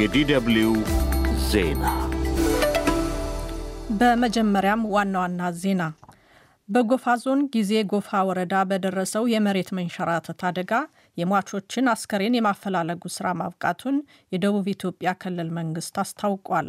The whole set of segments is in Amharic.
የዲደብልዩ ዜና በመጀመሪያም ዋና ዋና ዜና በጎፋ ዞን ጊዜ ጎፋ ወረዳ በደረሰው የመሬት መንሸራተት አደጋ የሟቾችን አስከሬን የማፈላለጉ ስራ ማብቃቱን የደቡብ ኢትዮጵያ ክልል መንግስት አስታውቋል።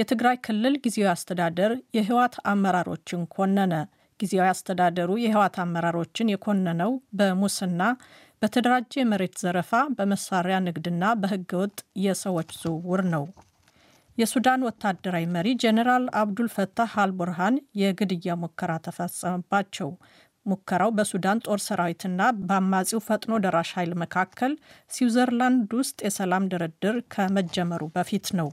የትግራይ ክልል ጊዜያዊ አስተዳደር የህወሓት አመራሮችን ኮነነ። ጊዜያዊ አስተዳደሩ የህወሓት አመራሮችን የኮነነው በሙስና በተደራጀ የመሬት ዘረፋ፣ በመሳሪያ ንግድና በህገ ወጥ የሰዎች ዝውውር ነው። የሱዳን ወታደራዊ መሪ ጀኔራል አብዱል ፈታህ አልቡርሃን የግድያ ሙከራ ተፈጸመባቸው። ሙከራው በሱዳን ጦር ሰራዊትና በአማጺው ፈጥኖ ደራሽ ኃይል መካከል ስዊዘርላንድ ውስጥ የሰላም ድርድር ከመጀመሩ በፊት ነው።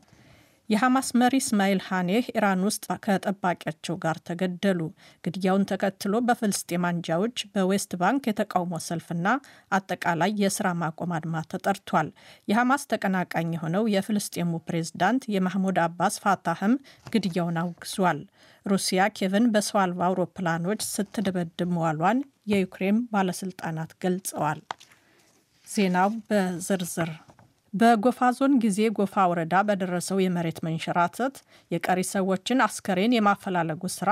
የሐማስ መሪ እስማኤል ሐኔህ ኢራን ውስጥ ከጠባቂያቸው ጋር ተገደሉ። ግድያውን ተከትሎ በፍልስጤም አንጃዎች በዌስት ባንክ የተቃውሞ ሰልፍና አጠቃላይ የስራ ማቆም አድማ ተጠርቷል። የሐማስ ተቀናቃኝ የሆነው የፍልስጤሙ ፕሬዝዳንት የማህሙድ አባስ ፋታህም ግድያውን አውግዟል። ሩሲያ ኬቭን በሰው አልባ አውሮፕላኖች ስትደበድብ መዋሏን የዩክሬን ባለስልጣናት ገልጸዋል። ዜናው በዝርዝር በጎፋ ዞን ጊዜ ጎፋ ወረዳ በደረሰው የመሬት መንሸራተት የቀሪ ሰዎችን አስከሬን የማፈላለጉ ስራ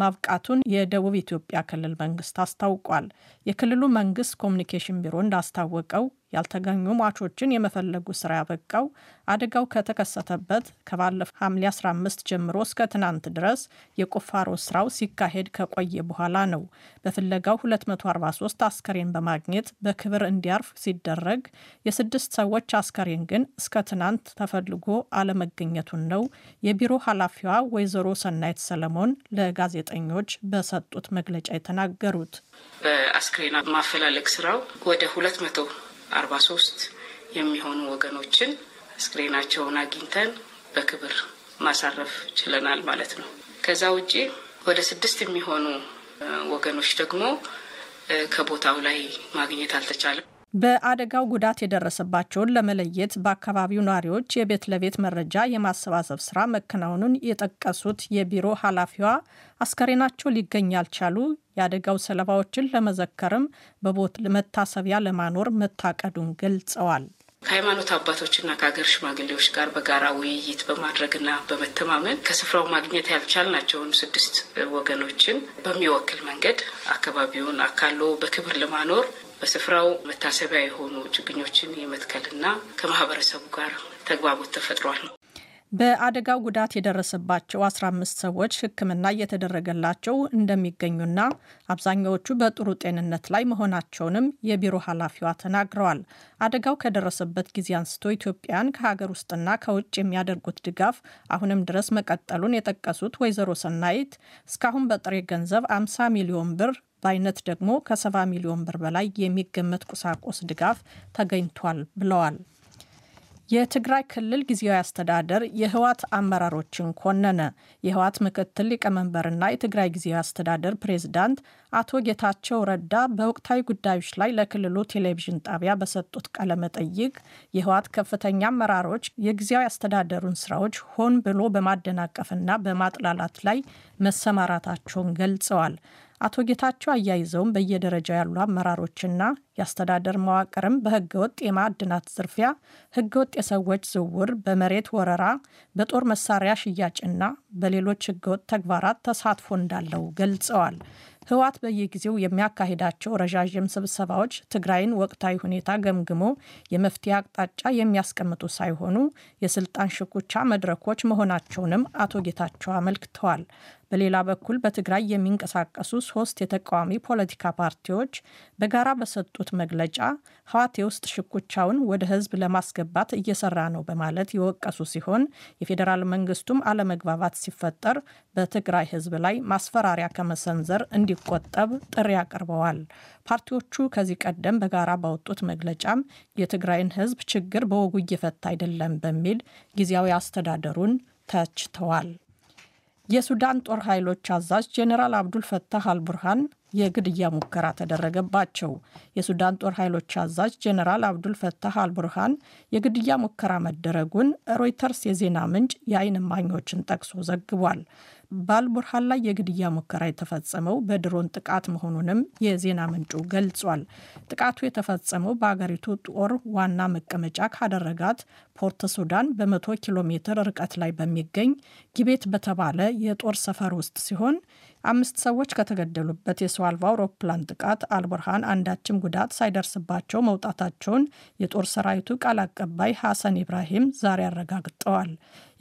ማብቃቱን የደቡብ ኢትዮጵያ ክልል መንግስት አስታውቋል። የክልሉ መንግስት ኮሚኒኬሽን ቢሮ እንዳስታወቀው ያልተገኙ ሟቾችን የመፈለጉ ስራ ያበቃው አደጋው ከተከሰተበት ከባለፈው ሐምሌ 15 ጀምሮ እስከ ትናንት ድረስ የቁፋሮ ስራው ሲካሄድ ከቆየ በኋላ ነው። በፍለጋው 243 አስከሬን በማግኘት በክብር እንዲያርፍ ሲደረግ የስድስት ሰዎች አስከሬን ግን እስከ ትናንት ተፈልጎ አለመገኘቱን ነው የቢሮ ኃላፊዋ ወይዘሮ ሰናይት ሰለሞን ለጋዜጠኞች በሰጡት መግለጫ የተናገሩት። በአስክሬን ማፈላለግ ስራው ወደ 200 አርባ ሶስት የሚሆኑ ወገኖችን አስክሬናቸውን አግኝተን በክብር ማሳረፍ ችለናል ማለት ነው። ከዛ ውጪ ወደ ስድስት የሚሆኑ ወገኖች ደግሞ ከቦታው ላይ ማግኘት አልተቻለም። በአደጋው ጉዳት የደረሰባቸውን ለመለየት በአካባቢው ነዋሪዎች የቤት ለቤት መረጃ የማሰባሰብ ስራ መከናወኑን የጠቀሱት የቢሮ ኃላፊዋ አስከሬናቸው ሊገኝ ያልቻሉ የአደጋው ሰለባዎችን ለመዘከርም በቦት መታሰቢያ ለማኖር መታቀዱን ገልጸዋል። ከሃይማኖት አባቶችና ከሀገር ሽማግሌዎች ጋር በጋራ ውይይት በማድረግና በመተማመን ከስፍራው ማግኘት ያልቻልናቸውን ስድስት ወገኖችን በሚወክል መንገድ አካባቢውን አካሎ በክብር ለማኖር በስፍራው መታሰቢያ የሆኑ ችግኞችን የመትከልና ከማህበረሰቡ ጋር ተግባቦት ተፈጥሯል። በአደጋው ጉዳት የደረሰባቸው 15 ሰዎች ሕክምና እየተደረገላቸው እንደሚገኙና አብዛኛዎቹ በጥሩ ጤንነት ላይ መሆናቸውንም የቢሮ ኃላፊዋ ተናግረዋል። አደጋው ከደረሰበት ጊዜ አንስቶ ኢትዮጵያን ከሀገር ውስጥና ከውጭ የሚያደርጉት ድጋፍ አሁንም ድረስ መቀጠሉን የጠቀሱት ወይዘሮ ሰናይት እስካሁን በጥሬ ገንዘብ 50 ሚሊዮን ብር በአይነት ደግሞ ከ70 ሚሊዮን ብር በላይ የሚገመት ቁሳቁስ ድጋፍ ተገኝቷል ብለዋል። የትግራይ ክልል ጊዜያዊ አስተዳደር የህወሓት አመራሮችን ኮነነ። የህወሓት ምክትል ሊቀመንበርና የትግራይ ጊዜያዊ አስተዳደር ፕሬዝዳንት አቶ ጌታቸው ረዳ በወቅታዊ ጉዳዮች ላይ ለክልሉ ቴሌቪዥን ጣቢያ በሰጡት ቃለ መጠይቅ የህወሓት ከፍተኛ አመራሮች የጊዜያዊ አስተዳደሩን ስራዎች ሆን ብሎ በማደናቀፍና በማጥላላት ላይ መሰማራታቸውን ገልጸዋል። አቶ ጌታቸው አያይዘውም በየደረጃ ያሉ አመራሮችና የአስተዳደር መዋቅርም ወጥ የማዕድናት ዝርፊያ፣ ወጥ የሰዎች ዝውውር፣ በመሬት ወረራ፣ በጦር መሳሪያ ሽያጭና በሌሎች ወጥ ተግባራት ተሳትፎ እንዳለው ገልጸዋል። ህወሓት በየጊዜው የሚያካሂዳቸው ረዣዥም ስብሰባዎች ትግራይን ወቅታዊ ሁኔታ ገምግሞ የመፍትሄ አቅጣጫ የሚያስቀምጡ ሳይሆኑ የስልጣን ሽኩቻ መድረኮች መሆናቸውንም አቶ ጌታቸው አመልክተዋል። በሌላ በኩል በትግራይ የሚንቀሳቀሱ ሶስት የተቃዋሚ ፖለቲካ ፓርቲዎች በጋራ በሰጡት መግለጫ ህዋቴ ውስጥ ሽኩቻውን ወደ ህዝብ ለማስገባት እየሰራ ነው በማለት የወቀሱ ሲሆን የፌዴራል መንግስቱም አለመግባባት ሲፈጠር በትግራይ ህዝብ ላይ ማስፈራሪያ ከመሰንዘር እንዲቆጠብ ጥሪ አቅርበዋል። ፓርቲዎቹ ከዚህ ቀደም በጋራ ባወጡት መግለጫም የትግራይን ህዝብ ችግር በወጉ እየፈታ አይደለም በሚል ጊዜያዊ አስተዳደሩን ተችተዋል። የሱዳን ጦር ኃይሎች አዛዥ ጄኔራል አብዱል ፈታህ አልቡርሃን የግድያ ሙከራ ተደረገባቸው። የሱዳን ጦር ኃይሎች አዛዥ ጀኔራል አብዱል ፈታህ አልቡርሃን የግድያ ሙከራ መደረጉን ሮይተርስ የዜና ምንጭ የአይን እማኞችን ጠቅሶ ዘግቧል። በአልቡርሃን ላይ የግድያ ሙከራ የተፈጸመው በድሮን ጥቃት መሆኑንም የዜና ምንጩ ገልጿል። ጥቃቱ የተፈጸመው በአገሪቱ ጦር ዋና መቀመጫ ካደረጋት ፖርት ሱዳን በመቶ ኪሎ ሜትር ርቀት ላይ በሚገኝ ጊቤት በተባለ የጦር ሰፈር ውስጥ ሲሆን አምስት ሰዎች ከተገደሉበት የሰው አልባ አውሮፕላን ጥቃት አልቡርሃን አንዳችም ጉዳት ሳይደርስባቸው መውጣታቸውን የጦር ሰራዊቱ ቃል አቀባይ ሐሰን ኢብራሂም ዛሬ አረጋግጠዋል።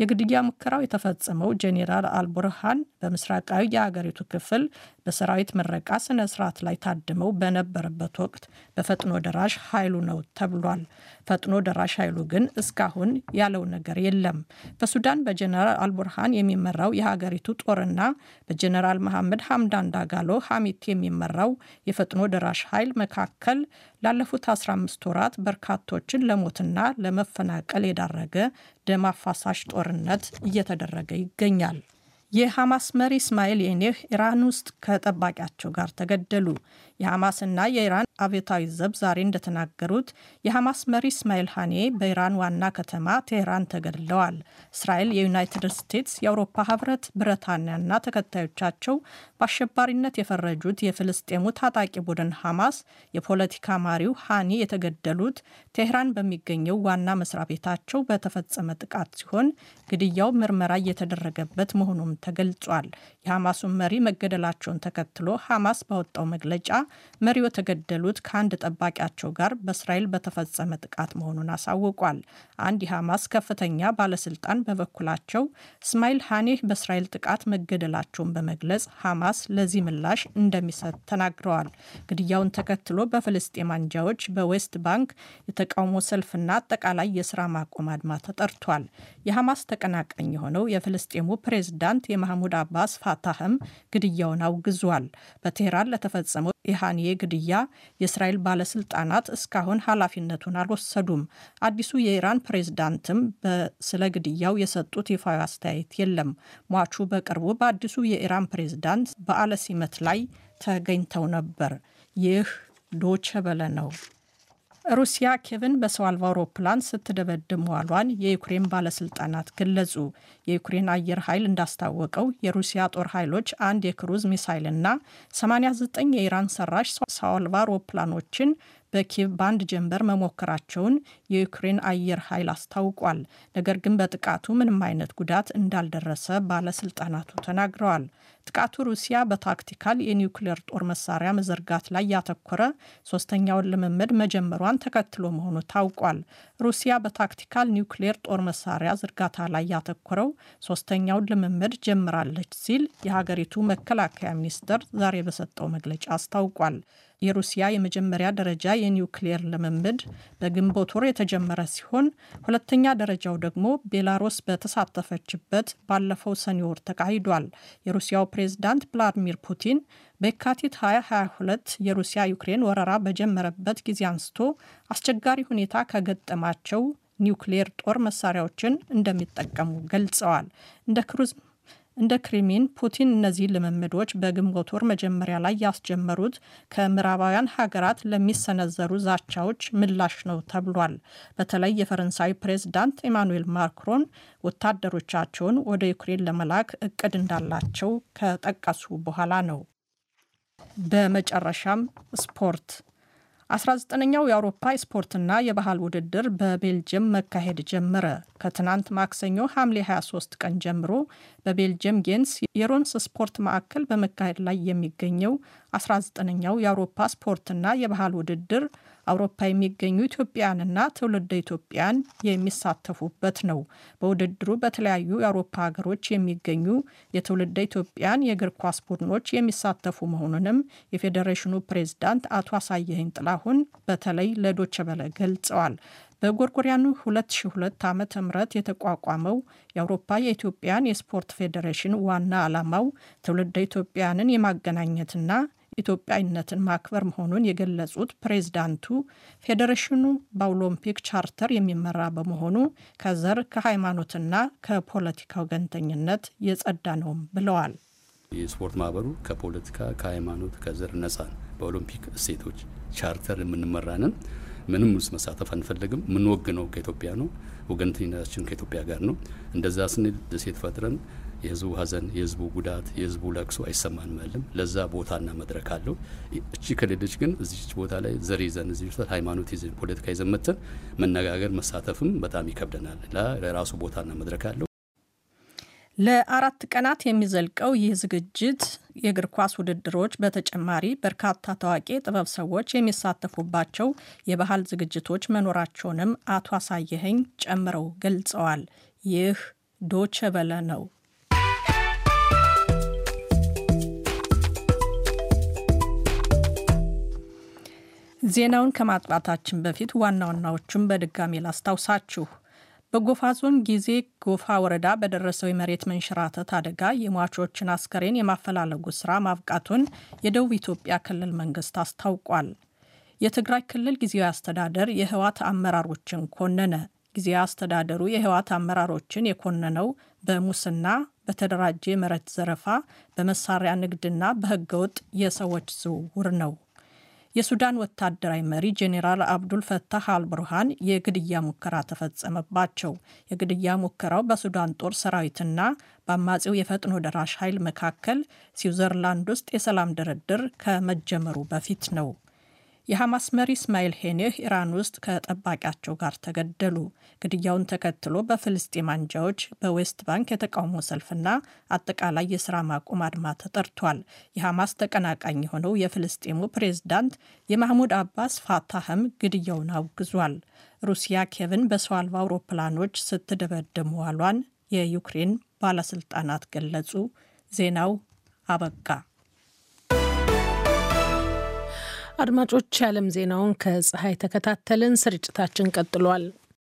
የግድያ ሙከራው የተፈጸመው ጄኔራል አልቡርሃን በምስራቃዊ የአገሪቱ ክፍል በሰራዊት ምረቃ ስነ ስርዓት ላይ ታድመው በነበረበት ወቅት በፈጥኖ ደራሽ ኃይሉ ነው ተብሏል። ፈጥኖ ደራሽ ኃይሉ ግን እስካሁን ያለው ነገር የለም። በሱዳን በጀነራል አልቡርሃን የሚመራው የሀገሪቱ ጦርና በጀነራል መሐመድ ሐምዳን ዳጋሎ ሐሚት የሚመራው የፈጥኖ ደራሽ ኃይል መካከል ላለፉት 15 ወራት በርካቶችን ለሞትና ለመፈናቀል የዳረገ ደም አፋሳሽ ጦርነት እየተደረገ ይገኛል። የሐማስ መሪ እስማኤል የኔህ ኢራን ውስጥ ከጠባቂያቸው ጋር ተገደሉ። የሐማስና የኢራን አብዮታዊ ዘብ ዛሬ እንደተናገሩት የሐማስ መሪ እስማኤል ሃኔ በኢራን ዋና ከተማ ቴህራን ተገድለዋል። እስራኤል፣ የዩናይትድ ስቴትስ፣ የአውሮፓ ህብረት፣ ብረታንያና ተከታዮቻቸው በአሸባሪነት የፈረጁት የፍልስጤሙ ታጣቂ ቡድን ሐማስ የፖለቲካ መሪው ሃኒ የተገደሉት ቴህራን በሚገኘው ዋና መስሪያ ቤታቸው በተፈጸመ ጥቃት ሲሆን ግድያው ምርመራ እየተደረገበት መሆኑም ተገልጿል። የሐማሱን መሪ መገደላቸውን ተከትሎ ሐማስ ባወጣው መግለጫ መሪው የተገደሉት ያሉት ከአንድ ጠባቂያቸው ጋር በእስራኤል በተፈጸመ ጥቃት መሆኑን አሳውቋል። አንድ የሐማስ ከፍተኛ ባለስልጣን በበኩላቸው እስማኤል ሃኔህ በእስራኤል ጥቃት መገደላቸውን በመግለጽ ሐማስ ለዚህ ምላሽ እንደሚሰጥ ተናግረዋል። ግድያውን ተከትሎ በፍልስጤም አንጃዎች በዌስት ባንክ የተቃውሞ ሰልፍና አጠቃላይ የስራ ማቆም አድማ ተጠርቷል። የሐማስ ተቀናቃኝ የሆነው የፍልስጤሙ ፕሬዝዳንት የማህሙድ አባስ ፋታህም ግድያውን አውግዟል። በቴህራን ለተፈጸመው ኢሃኒዬ ግድያ የእስራኤል ባለስልጣናት እስካሁን ኃላፊነቱን አልወሰዱም። አዲሱ የኢራን ፕሬዝዳንትም ስለ ግድያው የሰጡት ይፋዊ አስተያየት የለም። ሟቹ በቅርቡ በአዲሱ የኢራን ፕሬዝዳንት በዓለ ሲመት ላይ ተገኝተው ነበር። ይህ ዶቸበለ ነው። ሩሲያ ኬቭን በሰው አልባ አውሮፕላን ስትደበድም መዋሏን የዩክሬን ባለስልጣናት ገለጹ። የዩክሬን አየር ኃይል እንዳስታወቀው የሩሲያ ጦር ኃይሎች አንድ የክሩዝ ሚሳይልና 89 የኢራን ሰራሽ ሰው አልባ አውሮፕላኖችን በኪቭ በአንድ ጀንበር መሞከራቸውን የዩክሬን አየር ኃይል አስታውቋል። ነገር ግን በጥቃቱ ምንም አይነት ጉዳት እንዳልደረሰ ባለስልጣናቱ ተናግረዋል። ጥቃቱ ሩሲያ በታክቲካል የኒውክሌር ጦር መሳሪያ መዘርጋት ላይ ያተኮረ ሶስተኛውን ልምምድ መጀመሯን ተከትሎ መሆኑ ታውቋል። ሩሲያ በታክቲካል ኒውክሌር ጦር መሳሪያ ዝርጋታ ላይ ያተኮረው ሶስተኛውን ልምምድ ጀምራለች ሲል የሀገሪቱ መከላከያ ሚኒስቴር ዛሬ በሰጠው መግለጫ አስታውቋል። የሩሲያ የመጀመሪያ ደረጃ የኒውክሌር ልምምድ በግንቦት ወር የተጀመረ ሲሆን ሁለተኛ ደረጃው ደግሞ ቤላሩስ በተሳተፈችበት ባለፈው ሰኔ ወር ተካሂዷል። የሩሲያው ፕሬዝዳንት ቭላድሚር ፑቲን በየካቲት 2022 የሩሲያ ዩክሬን ወረራ በጀመረበት ጊዜ አንስቶ አስቸጋሪ ሁኔታ ከገጠማቸው ኒውክሌር ጦር መሳሪያዎችን እንደሚጠቀሙ ገልጸዋል። እንደ ክሩዝ እንደ ክሬሚን ፑቲን እነዚህ ልምምዶች በግንቦት ወር መጀመሪያ ላይ ያስጀመሩት ከምዕራባውያን ሀገራት ለሚሰነዘሩ ዛቻዎች ምላሽ ነው ተብሏል። በተለይ የፈረንሳይ ፕሬዝዳንት ኢማኑኤል ማክሮን ወታደሮቻቸውን ወደ ዩክሬን ለመላክ እቅድ እንዳላቸው ከጠቀሱ በኋላ ነው። በመጨረሻም ስፖርት 19ኛው የአውሮፓ የስፖርትና የባህል ውድድር በቤልጅየም መካሄድ ጀመረ። ከትናንት ማክሰኞ ሐምሌ 23 ቀን ጀምሮ በቤልጅየም ጌንስ የሮምስ ስፖርት ማዕከል በመካሄድ ላይ የሚገኘው 19ኛው የአውሮፓ ስፖርትና የባህል ውድድር አውሮፓ የሚገኙ ኢትዮጵያንና ትውልደ ኢትዮጵያን የሚሳተፉበት ነው። በውድድሩ በተለያዩ የአውሮፓ ሀገሮች የሚገኙ የትውልደ ኢትዮጵያን የእግር ኳስ ቡድኖች የሚሳተፉ መሆኑንም የፌዴሬሽኑ ፕሬዝዳንት አቶ አሳየህኝ ጥላሁን በተለይ ለዶቼ ቬለ ገልጸዋል። በጎርጎሪያኑ 2002 ዓ ም የተቋቋመው የአውሮፓ የኢትዮጵያን የስፖርት ፌዴሬሽን ዋና ዓላማው ትውልደ ኢትዮጵያንን የማገናኘትና ኢትዮጵያዊነትን ማክበር መሆኑን የገለጹት ፕሬዝዳንቱ ፌዴሬሽኑ በኦሎምፒክ ቻርተር የሚመራ በመሆኑ ከዘር ከሃይማኖትና ከፖለቲካ ወገንተኝነት የጸዳ ነውም ብለዋል። የስፖርት ማህበሩ ከፖለቲካ ከሃይማኖት፣ ከዘር ነጻ በኦሎምፒክ እሴቶች ቻርተር የምንመራንን ምንም ውስጥ መሳተፍ አንፈልግም። የምንወግነው ከኢትዮጵያ ነው። ወገንተኝነታችን ከኢትዮጵያ ጋር ነው። እንደዛ ስንል ደሴት ፈጥረን የህዝቡ ሀዘን፣ የህዝቡ ጉዳት፣ የህዝቡ ለቅሶ አይሰማን መልም ለዛ ቦታና መድረክ አለው። እቺ ክልልች ግን እዚች ቦታ ላይ ዘር ይዘን እዚህ ሃይማኖት ይዘን ፖለቲካ ይዘን መጥተን መነጋገር መሳተፍም በጣም ይከብደናል። ለራሱ ቦታና መድረክ አለው። ለአራት ቀናት የሚዘልቀው ይህ ዝግጅት የእግር ኳስ ውድድሮች በተጨማሪ በርካታ ታዋቂ ጥበብ ሰዎች የሚሳተፉባቸው የባህል ዝግጅቶች መኖራቸውንም አቶ አሳየኸኝ ጨምረው ገልጸዋል። ይህ ዶቸበለ ነው። ዜናውን ከማጥባታችን በፊት ዋና ዋናዎቹን በድጋሜ ላስታውሳችሁ። በጎፋ ዞን ጊዜ ጎፋ ወረዳ በደረሰው የመሬት መንሸራተት አደጋ የሟቾችን አስከሬን የማፈላለጉ ስራ ማብቃቱን የደቡብ ኢትዮጵያ ክልል መንግስት አስታውቋል። የትግራይ ክልል ጊዜያዊ አስተዳደር የህወሓት አመራሮችን ኮነነ። ጊዜያዊ አስተዳደሩ የህወሓት አመራሮችን የኮነነው በሙስና በተደራጀ የመሬት ዘረፋ፣ በመሳሪያ ንግድና በህገወጥ የሰዎች ዝውውር ነው። የሱዳን ወታደራዊ መሪ ጄኔራል አብዱል ፈታህ አልብርሃን የግድያ ሙከራ ተፈጸመባቸው። የግድያ ሙከራው በሱዳን ጦር ሰራዊትና በአማጺው የፈጥኖ ደራሽ ኃይል መካከል ስዊዘርላንድ ውስጥ የሰላም ድርድር ከመጀመሩ በፊት ነው። የሐማስ መሪ እስማኤል ሄኔህ ኢራን ውስጥ ከጠባቂያቸው ጋር ተገደሉ። ግድያውን ተከትሎ በፍልስጤም አንጃዎች በዌስት ባንክ የተቃውሞ ሰልፍና አጠቃላይ የስራ ማቆም አድማ ተጠርቷል። የሐማስ ተቀናቃኝ የሆነው የፍልስጤሙ ፕሬዝዳንት የማህሙድ አባስ ፋታህም ግድያውን አውግዟል። ሩሲያ ኬቭን በሰው አልባ አውሮፕላኖች ስትደበድብ መዋሏን የዩክሬን ባለስልጣናት ገለጹ። ዜናው አበቃ። አድማጮች፣ የዓለም ዜናውን ከፀሐይ ተከታተልን። ስርጭታችን ቀጥሏል።